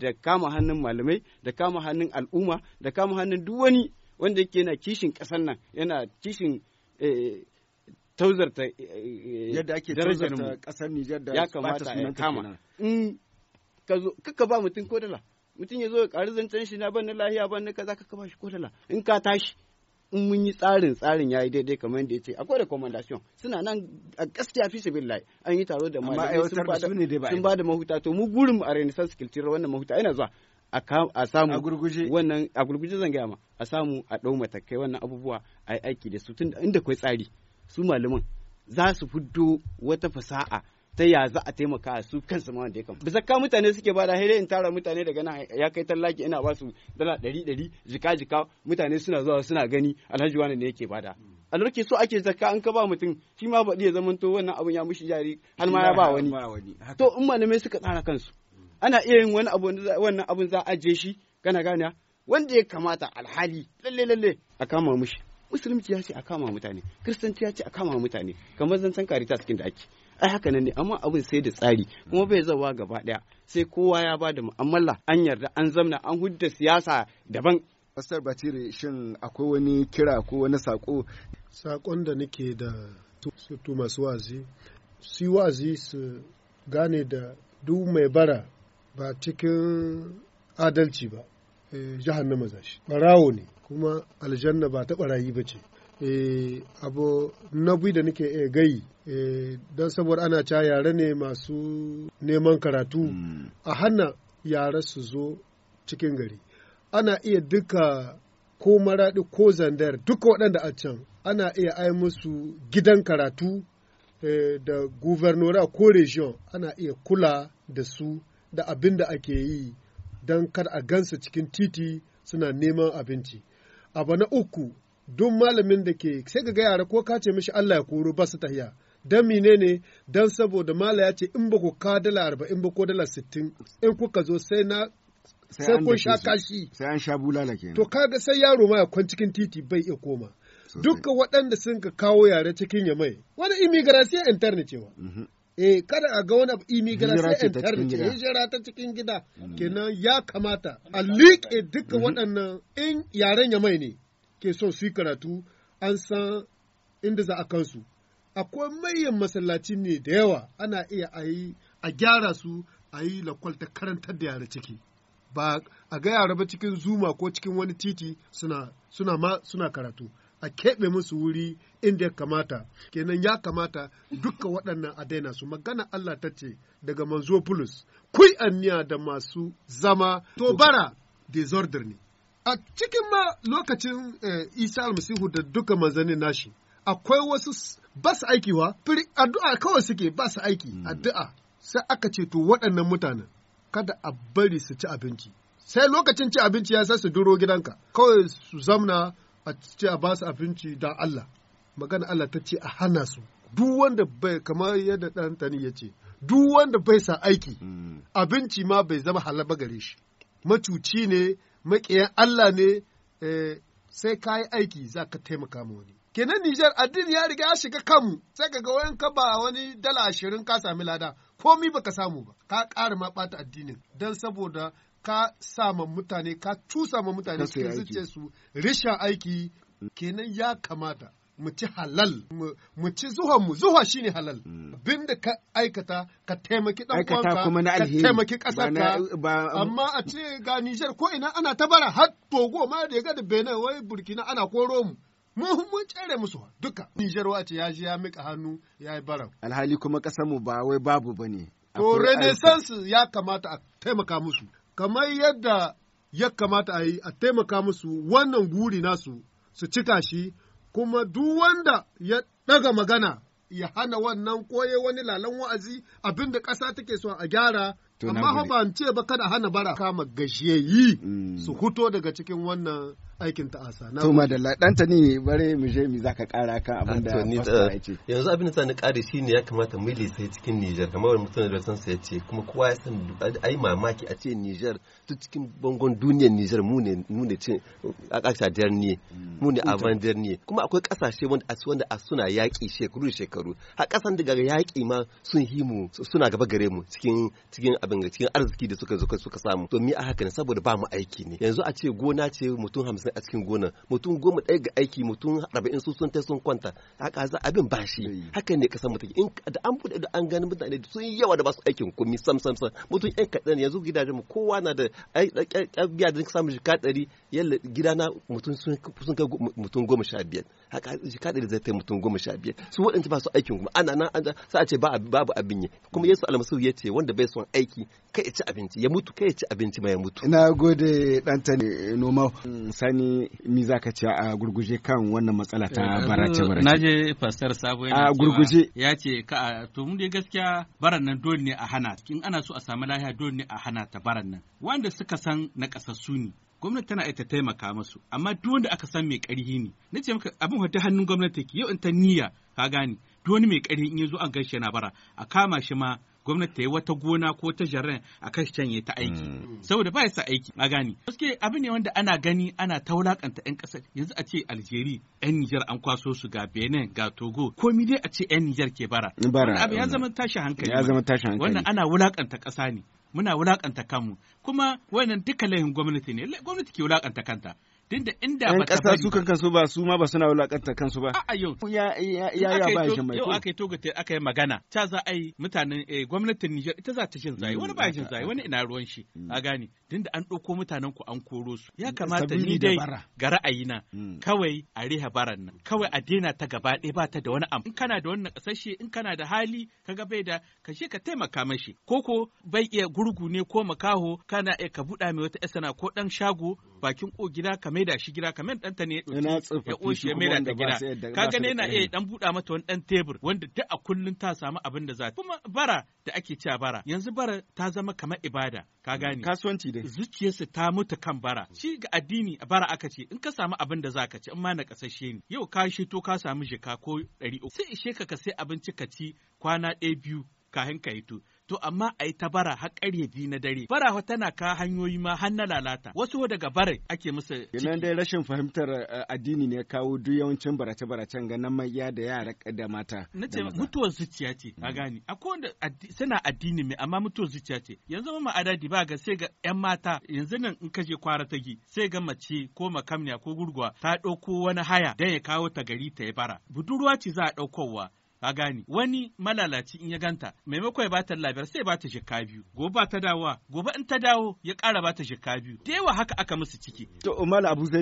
da kama hannun malamai da kama hannun al'umma da kama hannun duk wani wanda yake yana kishin ƙasar nan yana kishin eh, tauzarta eh, eh, yadda ake tauzarta kasar Nijar da ya kamata a kama in ka zo kaka ba mutum kodala dala mutum ya zo ya ƙari zancen shi na banna lahiya ban kaza kaka ba shi kodala in ka tashi in mun yi tsarin tsarin yayi daidai kamar yadda yace akwai recommendation suna nan a gaskiya fi billahi an yi taro da malamai sun ba da sun ba mahuta to mu gurin a renaissance culture wannan mahuta ina zuwa a samu a gurguje wannan a gurguje zan gaya ma a samu a dau matakai wannan abubuwa a yi aiki da su tun inda kai tsari su malaman za su fiddo wata fasaha ta ya za a taimaka su kansu ma wanda ya kama. Bisa ka mutane suke bada hira in tara mutane daga nan ya kai tallaki ina ba su dala ɗari ɗari jika jika mutane suna zuwa suna gani alhaji wani ne yake bada. A lokaci so ake zakka an ka ba mutum shi ma baɗi ya to wannan abun ya mushi jari har ma ya ba wani. To in malamai suka tsara kansu. Ana iya yin wani abu wannan abun za a je shi kana gane wanda ya kamata alhali lalle lalle a kama mushi. musulunci ya ce a kama mutane kiristanci ya ce a kama mutane kamar zan san karita cikin da ake ai haka nan ne amma abin sai da tsari kuma bai zawa gaba daya sai kowa ya bada da mu'amala an yarda an zamna an hudda siyasa daban Pastor Batire shin akwai wani kira ko wani sako sakon da nake da su masu wazi su wazi su gane da duk mai bara ba cikin adalci ba eh, jahannama zashi barawo ne kuma aljanna ba ta barayi ba ce eh, abu na bi da nake iya eh, gai eh, don saboda ana ca yare ne masu neman karatu hmm. a hana yara su zo cikin gari ana iya duka ko maraɗi ko zandar duka waɗanda a can ana iya ai musu gidan karatu da guvernora ko region ana iya kula da su da abinda da ake yi don kar a gansa cikin titi suna neman abinci. abu na uku duk malamin da ke sai ga yara ko ka ce mishi Allah ya koro ba su tahiya dan ne dan saboda mala ya ce in ba ku ka dala arba'in ba ko dala sittin, in kuka zo sai na sai kun sha kashi sai an sha bulala kenan to kaga sai yaro ma ya kwan cikin titi bai iya koma dukkan waɗanda sun ka kawo yare cikin yamai wani imigrasiya internet cewa mhm. eh kada a ga wani imi gara sai entertainment hijira ta cikin gida mm. kenan ya kamata a mm-hmm. liƙe duka mm-hmm. waɗannan in yaren ya mai ne ke so su yi karatu an san inda za a kansu akwai mayan masallaci ne da yawa ana iya a yi a gyara su a yi lakwal ta karantar da yare ciki ba a ga yare ba cikin zuma ko cikin wani titi suna suna karatu a keɓe musu wuri inda ya kamata kenan ya kamata duka waɗannan a daina su magana Allah ta ce daga manzo Bulus kui anniya da masu zama to bara disorder ne a cikin ma lokacin eh, Isa almasihu da duka manzani nashi akwai wasu ba su aiki wa addu'a kawai suke ba su aiki hmm. addu'a sai aka ce to waɗannan mutanen kada a bari su ci abinci sai lokacin ci abinci ya sa su duro gidanka kawai su zamna a ce a basu abinci don Allah magana Allah ta ce a hana su duk wanda bai kamar yadda ɗan tani ya ce duk wanda bai sa aiki hmm. abinci ma bai zama halaba gare shi macuci ne maƙiyan Allah ne eh, sai ka yi aiki za ka taimaka ma wani kenan Nijar addini ya riga ya shiga kanmu sai ka ga wayan ka ba wani dala ashirin ka sami lada komi baka samu ba ka ƙara ma ɓata addinin don saboda ka sa ma mutane ka tusa ma mutane cikin zuce su rishin aiki kenan ya kamata mu ci halal mu ci zuwa mu zuwa shine halal hmm. bin da ka aikata ka taimaki dan uwanka ka taimaki ka amma a ce ga Niger ko ina ana ta bara har Togo ma da ga da Benin wai Burkina ana koro mu mun mun tsere musu duka Niger wace ya ji ya mika hannu ya yi barau alhali kuma kasar mu ba wai babu bane to renaissance ya kamata a taimaka musu kamar yadda ya kamata a yi a taimaka musu wannan guri nasu su cika shi, kuma duk wanda ya ɗaga magana ya hana wannan koye wani lalan wa'azi abinda da ƙasa take so a gyara, amma ba ce ba kada hana bara kama gashiyayi mm. su huto daga cikin wannan aikin ta'asa na to madalla dan ta ni bare mu je mi zaka kara kan abin da ni eh, yanzu abin da sani kare shine ya kamata mu lisa cikin Niger kamar wani mutum da san sa yace kuma kowa ya san ai mamaki a ce Niger duk cikin bangon duniyar Niger mu ne mu ne ce a kasa kasashe dernier mm. mu ne avant dernier kuma akwai kasashe wanda a wanda a suna yaki shekaru shekaru a kasan daga yaki ma sun himu suna gaba gare mu cikin cikin abin cikin arziki da suka suka samu to mi a haka ne saboda ba mu aiki ne yanzu a ce gona ce mutum 50 suna a cikin gonar mutum goma ɗaya ga aiki mutum arba'in su sun ta sun kwanta haka za abin ba shi haka ne kasan mutum in da an buɗe da an gani mutane sun yawa da ba su aikin komi sam sam sam mutum ɗan kaɗan yanzu gidajen mu kowa na da biya da samun shi kaɗari yalla gida na mutum sun kai mutum goma sha biyar haka shi kaɗari zai ta mutum goma sha biyar su waɗanda ba su aikin kuma ana nan sa a ce babu abin yi kuma yesu almasu ya ce wanda bai son aiki kai ya ci abinci ya mutu kai ya ci abinci ma ya mutu. ina gode ɗan ɗanta noma. sani sani mi za ka ce a gurguje kan wannan matsala ta barace barace na je fasar sabo a gurguje ya ce ka to mun dai gaskiya baran nan dole ne a hana in ana so a samu lahiya dole ne a hana ta baran nan wanda suka san na kasassu ne gwamnati tana ta taimaka masu amma duk wanda aka san mai karhi ne na ce maka abin wata hannun gwamnati ke yau in ta niyya ka gane duk wani mai ƙarhi in ya zo an gaishe na bara a kama shi ma gwamnati ta yi wata gona ko ta jaran a kan canye ta aiki mm. saboda ba sa aiki a gani gaske abu ne wanda ana gani ana taulakanta yan ƙasa yanzu a ce Aljeri yan Nijar an kwaso su ga Benin ga Togo mi dai a ce yan Nijar ke bara bara abu ya zama tashi hankali ya zama tashi hankali wannan ana wulakanta ƙasa ne muna wulakanta kanmu kuma wannan duka laifin gwamnati ne gwamnati ke wulakanta kanta Dinda inda ba ta bari. su kan su ba su ma ba suna wulakanta kansu ba. A'a yau. Ya ya ya ba shi mai. Yau aka yi toga aka yi magana. Ta za a yi mutanen eh, gwamnatin Nijar ita za ta shin zai mm, wani ba shin zai wani ina ruwan shi. Mm. A gane. Dinda an ɗauko mutanen ku an koro su. Ya kamata ni dai ga ra'ayina mm. kawai a riha baran nan. Kawai a daina ta gaba ɗaya ba ta da wani amfani. In kana da wannan kasashe in kana da hali kaga bai da ka she ka taimaka mashi. Koko bai iya gurgu ne ko makaho kana iya ka buɗa mai wata esana ko ɗan shago bakin ko gida ka maida shi gida kamar ɗanta ne ya ƙoshi ya maida ta gida Ka ne yana iya dan buɗa mata wani ɗan tebur wanda duk a kullun ta samu abin da za kuma bara da ake cewa bara yanzu bara ta zama kamar ibada ka mm, gane kasuwanci dai zuciyarsa ta mutu kan bara shi ga addini bara aka ce in ka samu abin da zaka ci in ma na kasashe ne yau ka shi to ka samu jika ko ɗari uku sai ishe ka ka sai abinci ka ci kwana ɗaya biyu kahin ka hito to amma a yi ta bara har ƙarye biyu na dare bara tana ka hanyoyi ma har na lalata wasu daga bare ake musu Idan dai rashin fahimtar eh, addini ne kawo duk yawancin barace-baracen ga nan maiya da yara da mata nace mutuwar zuciya ce ka mm. gane akwai suna addini mai amma mutuwar zuciya ce yanzu ma adadi ba ga sai ga yan mata yanzu nan in kaje kwara ta gi sai ga mace ko makamniya ko gurguwa ta ɗauko wani haya dan ya kawo ta gari ta ya bara budurwa ce za a ɗaukowa ka gane wani malalaci in ya ganta maimakon ya bata labiyar sai bata jaka biyu gobe ba ta dawowa gobe in ta dawo ya kara bata jaka biyu da yawa haka aka musu ciki to malam abu da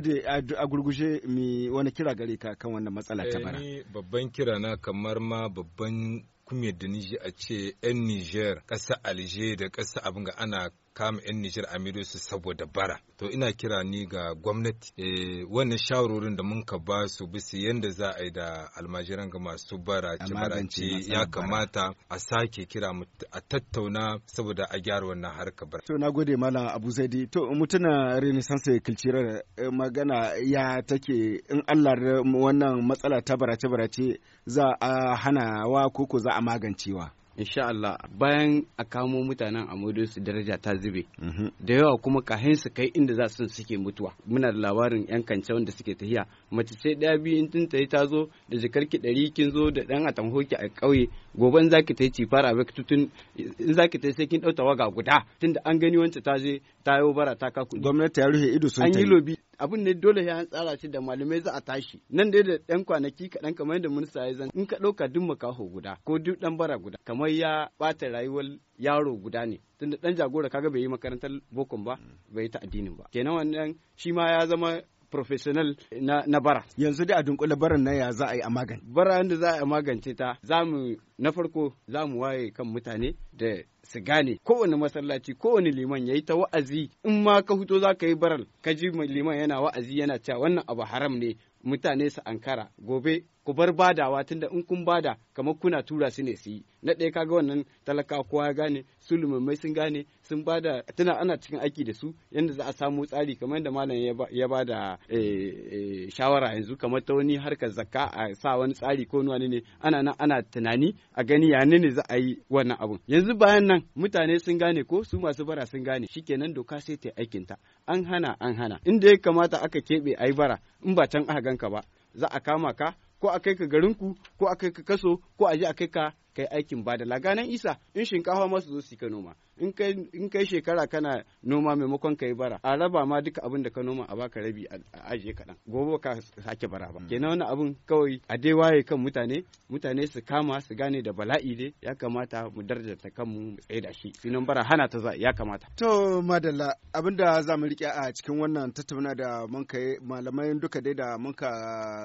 a gurguje mi wani kira gare ka kan wannan matsala ta bara eh, babban kira na kamar ma babban kuma da ni a ce 'yan Niger, ƙasa Alger da ƙasa abin ga ana kama 'yan Nijar a su saboda bara. To ina kira ni ga gwamnati eh, wannan shawarorin da mun ka ba su bisa yadda za a yi da almajiran ga masu bara barace ya kamata a sake kira a tattauna saboda a gyara wannan harka bara. To na gode mala Abu Zaidi. To mutuna Renaissance Kilcira eh, magana ya take in Allah wannan matsala ta barace barace za a hanawa koko za a magancewa. insha Allah bayan a kamo mutanen a su daraja ta zube mhm. da yawa kuma kahin su kai inda za su suke mutuwa muna da labarin yan kance wanda suke tahiya mace sai daya biyu in tun tayi ta zo da jikarki ɗari kin zo da ɗan atamhoki a ƙauye goben zaki tayi cifara a tutun in zaki tayi sai kin ɗauta waga guda tunda an gani wancan ta je ta yi bara ta ka gwamnati ya rufe ido sun an yi lobi abin ne dole ya an tsara shi da malamai za a tashi nan dai da ɗan kwanaki kaɗan kamar yadda minista ya zan in ka ɗauka duk makaho guda ko duk ɗan bara guda kamar ya ɓata rayuwar yaro guda ne tunda ɗan jagora kaga bai yi makarantar bokon ba mm. bai ta addinin ba kenan wannan shi ma ya zama professional na, na bara yanzu dai a dunkule baran na ya za a yi a magance bara yadda za a yi a magance ta za mu na farko za mu waye kan mutane da su gane kowane masallaci kowane liman ya yi ta wa'azi in ma ka fito za ka yi baral ka ji liman yana wa'azi yana cewa wannan abu haram ne mutane su ankara gobe ku bar badawa tunda in kun bada kamar kuna tura su ne su yi na ɗaya kaga wannan talaka kowa gane su lumammai sun gane sun bada tana ana cikin aiki da su yadda za a samu tsari kamar yadda malam ya ba da eh, eh, shawara yanzu kamar ta wani harkar zakka a sa wani tsari ko wani ne ana nan ana tunani a gani ya ne za a yi wannan abun yanzu bayan nan mutane sun gane ko su masu bara sun gane shikenan doka sai ta aikinta an hana an hana inda ya kamata aka keɓe a bara in ba can aka ganka ba za a kama ka ko a kai ka garinku ko a kai ka kaso ko a je a kai ka kai aikin ba da laganan isa in shinkafa masu zo su ka noma in kai shekara kana noma maimakon ka yi bara a raba ma duka abin da ka noma a baka rabi a ajiye kaɗan gobe ka sake bara ba kenan wani abin kawai a dai waye kan mutane mutane su kama su gane da bala'i dai ya kamata mu ta kanmu mu tsaye da shi sinan bara hana ta za ya kamata to madalla da za mu rike a cikin wannan tattauna da mun kai malamai duka dai da mun ka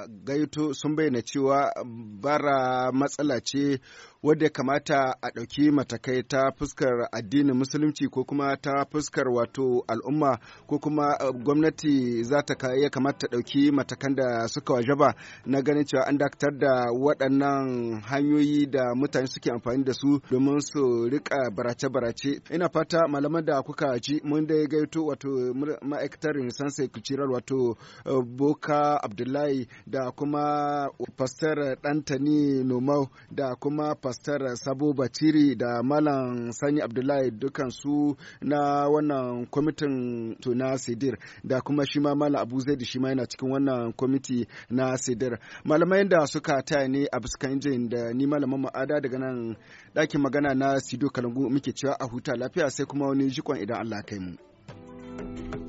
gaito sun bayyana cewa bara matsala ce wadda ya kamata a ɗauki matakai ta fuskar addinin musulunci ko kuma ta fuskar wato al'umma ko kuma uh, gwamnati za ta ya kamata ɗauki matakan da suka wajaba na ganin cewa an dakatar da waɗannan hanyoyi da mutane suke amfani da su domin su rika barace-barace ina fata malaman da kuka ji mun dai gaito wato ma'aikatar renaissance cultural wato uh, boka abdullahi da kuma Fasar dantani nomau da kuma pastor sabo baciri da malam sani abdullahi dukansu na wannan kwamitin to na sidir da kuma shi ma malam abu zaidi shi ma yana cikin wannan kwamiti na sidir malamai da suka taya ne a biskan jin da ni malaman ma'ada daga nan ɗakin magana na sido kalangu muke cewa a huta lafiya sai kuma wani jikon idan allah kai mu.